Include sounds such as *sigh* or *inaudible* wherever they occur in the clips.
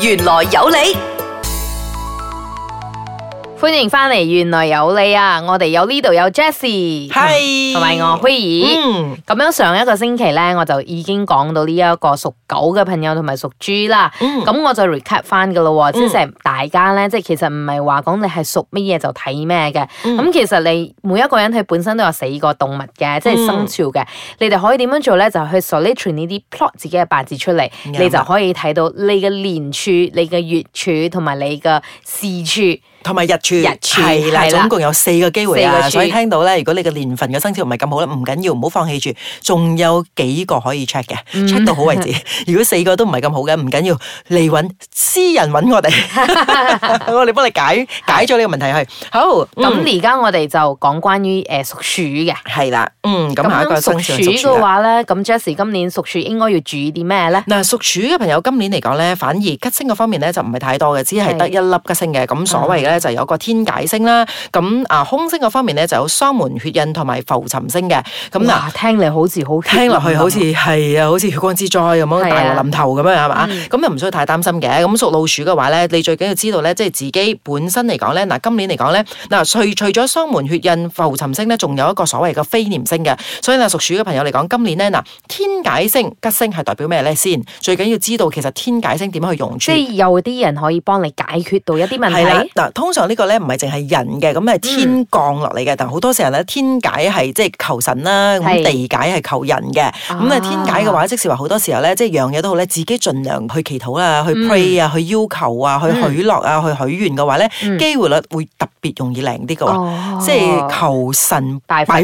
玄來有理。歡迎翻嚟，玄來有理！我哋有呢度有 Jessie，係同埋是我輝兒。咁、嗯、樣上一個星期咧，我就已經講到呢一個屬狗嘅朋友同埋屬豬啦。咁、嗯、我就 recap 翻噶咯，即係成大家咧，即係其實唔係話講你係屬乜嘢就睇咩嘅。咁、嗯、其實你每一個人佢本身都有四個動物嘅，即、就、係、是、生肖嘅。嗯、你哋可以點樣做咧？就去 s o l i t a i 呢啲 plot 自己嘅八字出嚟，嗯、你就可以睇到你嘅年柱、你嘅月柱同埋你嘅時柱。係咪，日柱日柱係啦，總共有四個機會啦，所以聽到咧，如果你嘅年份嘅生肖唔係咁好咧，唔緊要，唔好放棄住，仲有幾個可以 check 嘅，check 到好為止。如果四個都唔係咁好嘅，唔緊要，嚟揾私人揾我哋，我哋幫你解解咗呢個問題係好。咁而家我哋就講關於誒屬鼠嘅，係啦，嗯，咁樣屬鼠嘅話咧，咁 Jesse 今年屬鼠應該要注意啲咩咧？嗱，屬鼠嘅朋友今年嚟講咧，反而吉星嗰方面咧就唔係太多嘅，只係得一粒吉星嘅，咁所謂嘅。就有個天解星啦，咁啊，空星嘅方面咧就有雙門血印同埋浮沉星嘅，咁嗱哇那聽嚟好似好，聽落去好似係啊，好似血光之災咁，啊、大禍臨頭咁樣係嘛，咁又唔需要太擔心嘅。咁屬老鼠嘅話咧，你最緊要知道咧，即係自己本身嚟講咧，嗱今年嚟講咧，嗱除除咗雙門血印、浮沉星咧，仲有一個所謂嘅飛廉星嘅，所以嗱屬鼠嘅朋友嚟講，今年咧嗱天解星吉星係代表咩咧先？最緊要知道其實天解星點樣去用，即係有啲人可以幫你解決到一啲問題。通常呢個咧唔係淨係人嘅，咁係天降落嚟嘅。但好多時候咧，天解係即係求神啦，咁地解係求人嘅。咁啊，天解嘅話，即使話好多時候咧，即係樣嘢都好咧，自己盡量去祈禱啦，去 pray 啊，去要求啊，去許諾啊，去許願嘅話咧，機會率會特別容易靈啲嘅喎。即係求神拜佛，求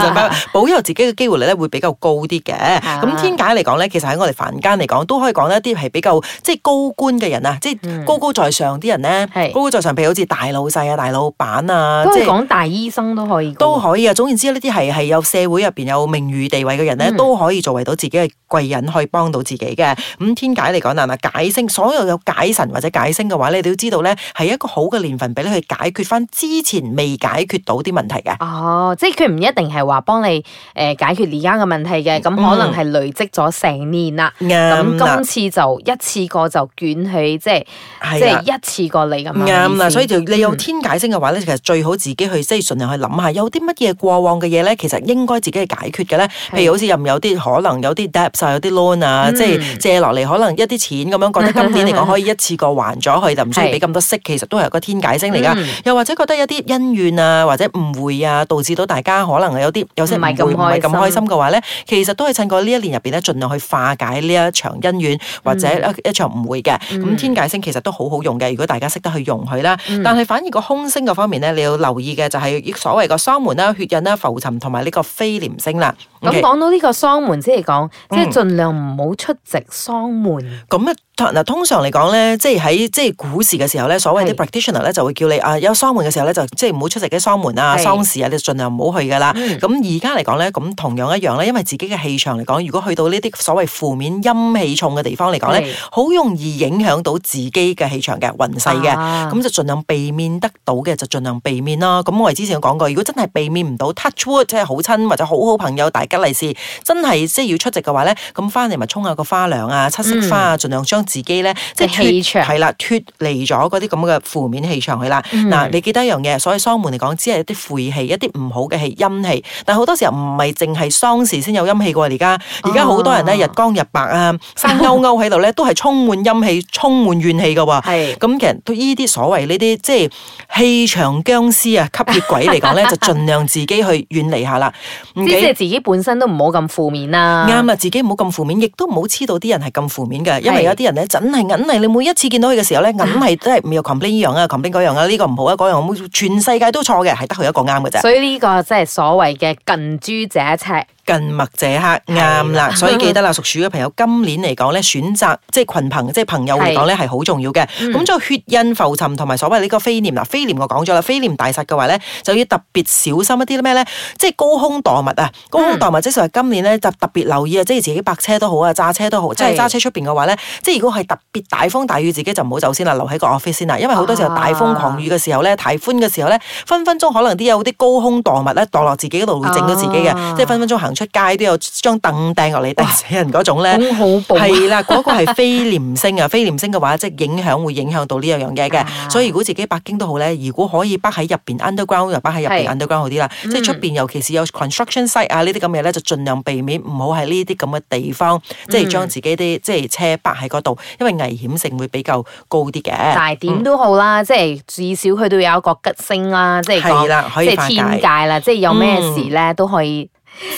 神拜佛，保佑自己嘅機會率咧會比較高啲嘅。咁天解嚟講咧，其實喺我哋凡間嚟講，都可以講一啲係比較即係高官嘅人啊，即係高高在上啲人咧。工作上譬如好似大老細啊、大老闆啊，即係講大醫生可都可以，嗯、都可以啊。總言之呢啲係係有社會入邊有名譽地位嘅人咧，都可以作為到自己嘅貴人，可以幫到自己嘅。咁、嗯、天解嚟講啊，解星所有有解神或者解星嘅話咧，你都知道咧，係一個好嘅年份俾你去解決翻之前未解決到啲問題嘅。哦，即係佢唔一定係話幫你誒解決而家嘅問題嘅，咁、嗯、可能係累積咗成年啦。咁、嗯、今次就一次過就捲起，即係即係一次過嚟咁啊。的所以就你有天解星嘅話咧，其實最好自己去即係順路去諗下，有啲乜嘢過往嘅嘢咧，其實應該自己去解決嘅咧。是譬如好似有有啲可能有啲 debt 啊，有啲 loan 啊，即係借落嚟可能一啲錢咁樣，覺得今年嚟講可以一次過還咗佢，就唔需要俾咁多息。是其實都係個天解星嚟噶。嗯、又或者覺得有啲恩怨啊，或者誤會啊，導致到大家可能有啲有啲唔會唔係咁開心嘅話咧，其實都係趁過呢一年入面呢，儘量去化解呢一場恩怨或者一場誤會嘅。咁、嗯、天解星其實都好好用嘅，如果大家識得去用。佢啦，嗯、但係反而個空星嗰方面咧，你要留意嘅就係所謂個喪門啦、血印啦、浮沉同埋呢個飛廉星啦。咁講 Okay. 到呢個喪門，即係講，即係盡量唔好出席喪門、嗯。咁啊，嗱，通常嚟講咧，即係喺即係古時嘅時候咧，所謂啲 practitioner 咧就會叫你是啊，有喪門嘅時候咧，就即係唔好出席啲喪門啊、是喪事啊，你就盡量唔好去噶啦。咁而家嚟講咧，咁同樣一樣咧，因為自己嘅氣場嚟講，如果去到呢啲所謂負面陰氣重嘅地方嚟講咧，好是容易影響到自己嘅氣場嘅運勢嘅，咁、啊、就盡量避免得到嘅就盡量避免啦。咁我哋之前講過，如果真係避免唔到 touch wood，即係好親或者好好朋友大。嘅利是，真係即係要出席嘅話咧，咁翻嚟咪沖下個花涼啊，七色花啊，盡、嗯、量將自己咧即係脫、氣場係啦，脫離咗嗰啲咁嘅負面氣場去啦。嗱、嗯，你記得一樣嘢，所謂喪門嚟講，只係一啲晦氣，一啲唔好嘅係陰氣。但好多時候唔係淨係喪事先有陰氣嘅喎。而家而家好多人咧，日光日白啊，生勾勾喺度咧，都係充滿陰氣、充滿怨氣嘅喎。咁是，其實對呢啲所謂呢啲即係氣場僵屍啊、吸血鬼嚟講咧，就盡量自己去遠離下啦。即係自己本。身都唔好咁負面啦，啱啊！自己唔好咁負面，亦都唔好黐到啲人係咁負面嘅，因為有啲人咧，真係硬係你每一次見到佢嘅時候咧，硬係都係唔要旁邊呢樣啊，旁邊嗰樣啊，呢個唔好啊，嗰樣全世界都錯嘅，係得佢一個啱嘅啫。所以呢個即係所謂嘅近朱者赤，近墨者黑啱啦的，所以記得啦，屬鼠嘅朋友今年嚟講咧，選擇即係群朋，即係朋友嚟講咧係好重要嘅。咁再、嗯、血印浮沉同埋所謂呢個飛廉嗱，飛廉我講咗啦，飛廉大煞嘅話咧，就要特別小心一啲咩咧？即係高空墮物啊！高空墮物、嗯嗯、即係話今年咧就特別留意啊！即係自己泊車都好啊，揸車都好，好的即係揸車出面嘅話咧，即係如果係特別大風大雨，自己就唔好走先啦，留喺個 office 先啦。因為好多時候大風狂雨嘅時候咧，颱、啊、風嘅時候咧，分分鐘可能啲有啲高空墮物咧墮落自己嗰度會整到自己嘅，啊、即分分鐘行。出街都有將凳掟落嚟掟死人嗰種咧，係啦，嗰個係非廉星啊！非廉星嘅話，即係影響會影響到呢樣樣嘢嘅。所以如果自己北京都好咧，如果可以北喺入邊，underground 就北喺入邊，underground 好啲啦。即係出邊，尤其是有 construction site 啊呢啲咁嘅咧，就盡量避免，唔好喺呢啲咁嘅地方，即係將自己啲即係車北喺嗰度，因為危險性會比較高啲嘅。但係點都好啦，即係至少佢都有一個吉星啦，即係係啦，可以化解，即係天界啦，即係有咩事咧都可以。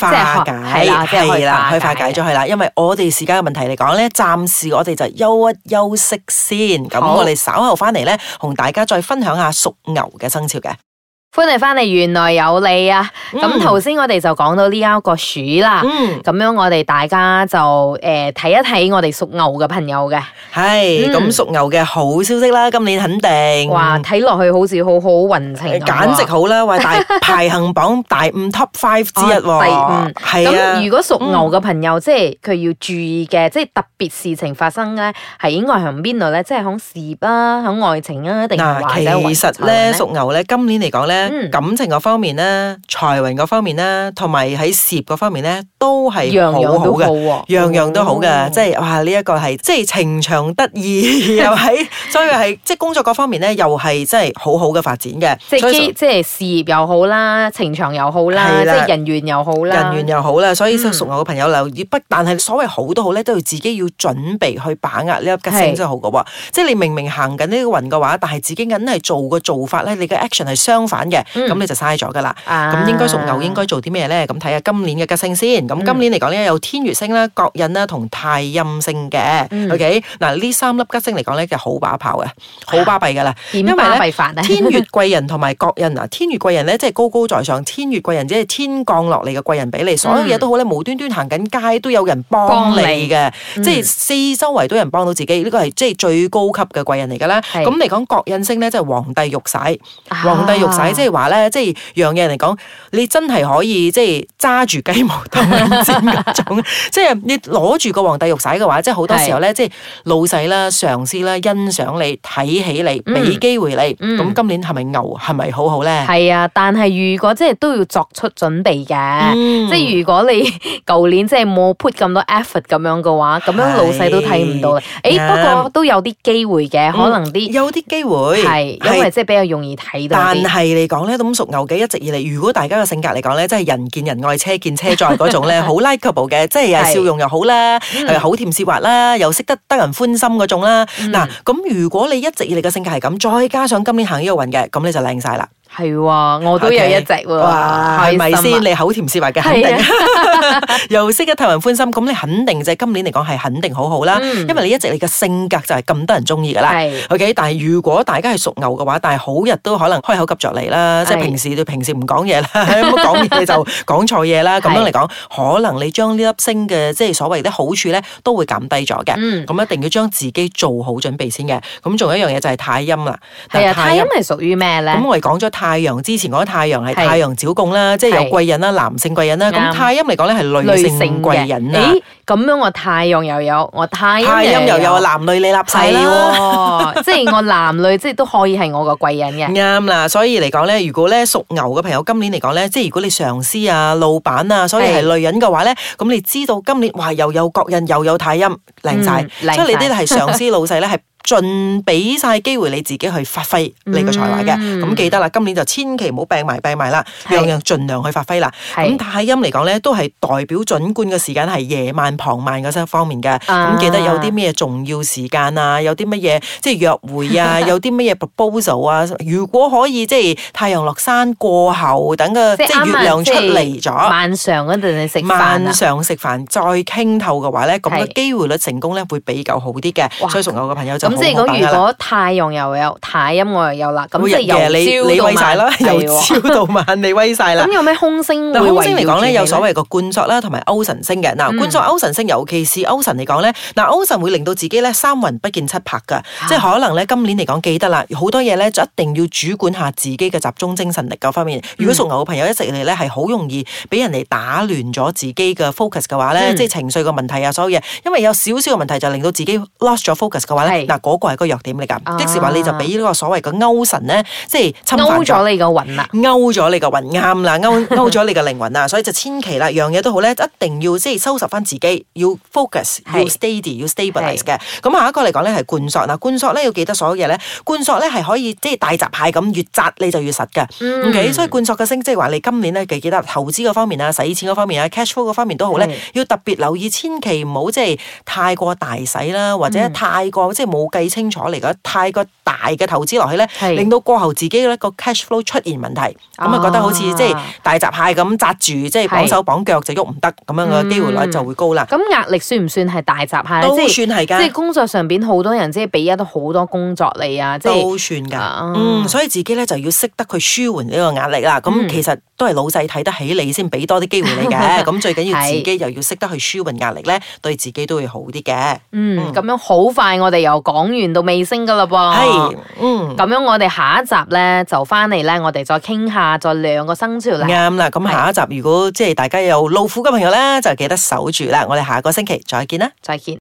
化解係啦，係啦是，去的化解咗係啦。因為我哋時間嘅問題嚟講咧，暫時我哋就休一休息先。咁好我哋稍後翻嚟咧，同大家再分享下屬牛嘅生肖嘅。歡迎翻嚟，原來有你啊！咁頭先我哋就講到呢一個鼠啦，咁樣我哋大家就誒睇一睇我哋屬牛嘅朋友嘅，係咁屬牛嘅好消息啦，今年肯定哇，睇落去好似好好運程，簡直好啦，喂，排行榜大五 Top Five 之一喎，第五。咁如果屬牛嘅朋友，即係佢要注意嘅，即係特別事情發生咧，係應該響邊度咧？即係響事業啊，響愛情啊，定其實咧，屬牛咧，今年嚟講咧。感情嗰方面咧，財運嗰方面咧，同埋喺事業嗰方面咧，都係樣樣好嘅，樣樣都好嘅，即係哇呢一個係即係情場得意，又喺呵呵 所以係 *laughs* 即係工作嗰方面咧，又係即係好好嘅發展嘅，即係事業又好啦，情場又好啦，的即係人緣又好啦，人緣又好啦，所以屬屬牛嘅朋友留意，嗯、不但係所謂好都好咧，都要自己要準備去把握呢粒吉星先是好嘅喎，即係你明明行緊呢個運嘅話，但係自己梗係做嘅做法咧，你嘅 action 係相反。就咁你就嘥咗噶啦，咁應該屬牛應該做啲咩咧？咁睇下今年嘅吉星先。咁今年嚟講咧，有天月星啦、國印啦同太陰星嘅。O.K. 嗱，呢三粒吉星嚟講咧，就好把炮嘅，好巴閉噶啦。因為咧，天月貴人同埋國印啊，天月貴人咧即係高高在上，天月貴人即係天降落嚟嘅貴人俾你，所有嘢都好咧，無端端行緊街都有人幫你嘅，即係四周圍都有人幫到自己。呢個係即係最高級嘅貴人嚟㗎啦。咁嚟講國印星咧，即係皇帝玉璽，皇帝玉璽。即係話咧，即係讓嘢嚟講，你真係可以即係揸住雞毛當令箭咁，即係你攞住個皇帝玉璽嘅話，即係好多時候咧，即係老細啦、上司啦欣賞你、睇起你、俾機會你。咁今年係咪牛？係咪好好咧？係啊，但係如果即係都要作出準備嘅，即係如果你舊年即係冇 put 咁多 effort 咁樣嘅話，咁樣老細都睇唔到。誒，不過都有啲機會嘅，可能啲有啲機會係，因為即係比較容易睇到。但係你。講咧，咁屬牛嘅，一直以嚟，如果大家嘅性格嚟講咧，即係人見人愛、車見車載嗰種咧，好 likeable 嘅，即係笑容又好啦，係好 *laughs* 甜舌滑啦，又識得得人歡心嗰種啦。嗱、嗯，咁如果你一直以嚟嘅性格係咁，再加上今年行呢個運嘅，咁你就靚晒啦。.係喎，我都有一隻喎，係咪先？你口甜舌滑嘅，肯定又識得氹人歡心。咁你肯定就係今年嚟講係肯定好好啦。因為你一直你嘅性格就係咁得人中意噶啦。O K，但係如果大家係屬牛嘅話，但係好日都可能開口急着嚟啦。即係平時你平時唔講嘢啦，一冇講嘢你就講錯嘢啦。咁樣嚟講，可能你將呢粒星嘅即係所謂啲好處咧，都會減低咗嘅。咁一定要將自己做好準備先嘅。咁仲有一樣嘢就係太陰啦。係啊，太陰係屬於咩咧？咁我哋講咗。太陽之前講太陽係太陽照共啦，即係有貴人啦，男性貴人啦。咁太陰嚟講咧係女性貴人啦。咦，咁樣我太陽又有，我太陰又有，男女你立世。即係我男女即係都可以係我個貴人嘅。啱啦，所以嚟講咧，如果咧屬牛嘅朋友今年嚟講咧，即係如果你上司啊、老闆啊，所以係女人嘅話咧，咁你知道今年哇，又有國印，又有太陰，靚仔，所以你啲係上司老細咧係.盡俾晒機會你自己去發揮你個才華嘅，咁、嗯、記得啦，今年就千祈唔好病埋病埋啦，樣樣是盡量去發揮啦。咁太陰嚟講咧，都係代表準官嘅時間係夜晚、傍晚嗰側方面嘅。咁、啊、記得有啲咩重要時間啊，有啲乜嘢即係約會啊， *laughs* 有啲乜嘢 proposal 啊。如果可以即係太陽落山過後，等個是即是月亮出嚟咗，晚上嗰陣食飯，晚上食飯再傾透嘅話咧，咁嘅機會率成功咧會比較好啲嘅。是所以從我嘅朋友就。即係講，如果太陽又有，太陰我又有啦，咁即係由朝到晚，由朝到，是的 *laughs* 到晚，你威晒啦！咁 *laughs* 有咩空星有你？對空星嚟講咧，有所謂個冠作啦，同埋歐神星嘅嗱，冠作、嗯、歐神星，尤其是歐神嚟講咧，嗱歐神會令到自己咧三魂不見七魄㗎，啊、即係可能咧今年嚟講記得啦，好多嘢咧就一定要主管下自己嘅集中精神力嗰方面。嗯、如果屬牛嘅朋友一直嚟咧係好容易俾人哋打亂咗自己嘅 focus 嘅話咧，嗯、即係情緒嘅問題啊，所有嘢，因為有少少嘅問題就令到自己 lost 咗 focus 嘅話咧，嗰個係個弱點嚟㗎，即係話你就俾呢個所謂嘅、就是、勾神咧，即係侵咗你個魂啦，勾咗 *laughs* 你個魂啱啦，勾勾咗你個靈魂啦，所以就千祈啦，樣嘢都好咧，一定要即係收拾翻自己，要 focus，是要 steady，要 stabilize 嘅。咁是下一個嚟講咧係灌索嗱，灌索咧要記得所有嘢咧，灌索咧係可以即係大閘蟹咁越紮你就越實嘅。嗯、OK，所以灌索嘅星即係話你今年咧記記得投資嗰方面啊、使錢嗰方面啊、cash flow 嗰方面都好咧，是要特別留意千，千祈唔好即係太過大使啦，或者太過即係冇。嗯計清楚嚟講，太過大嘅投資落去咧，是令到過後自己咧個 cash flow 出現問題，咁啊就覺得好似即係大閘蟹咁紮住，即係綁手綁腳就喐唔得咁樣嘅機會率就會高啦。咁壓、嗯、力算唔算係大閘蟹都算係噶。即係工作上邊好多人即係俾咗好多工作你啊，即係都算噶。嗯，所以自己咧就要識得去舒緩呢個壓力啦。咁其實。嗯都係老細睇得起你先俾多啲機會你嘅，咁 *laughs* 最緊要自己又要識得去舒緩壓力咧， *laughs* 是對自己都會好啲嘅。嗯，咁樣好快我哋又講完到尾聲噶啦噃。係，嗯，咁樣我哋下一集咧就翻嚟咧，我哋再傾下再兩個生肖啦。啱啦，咁下一集如果即係是大家有老虎嘅朋友咧，就記得守住啦。嗯、我哋下個星期再見啦，再見。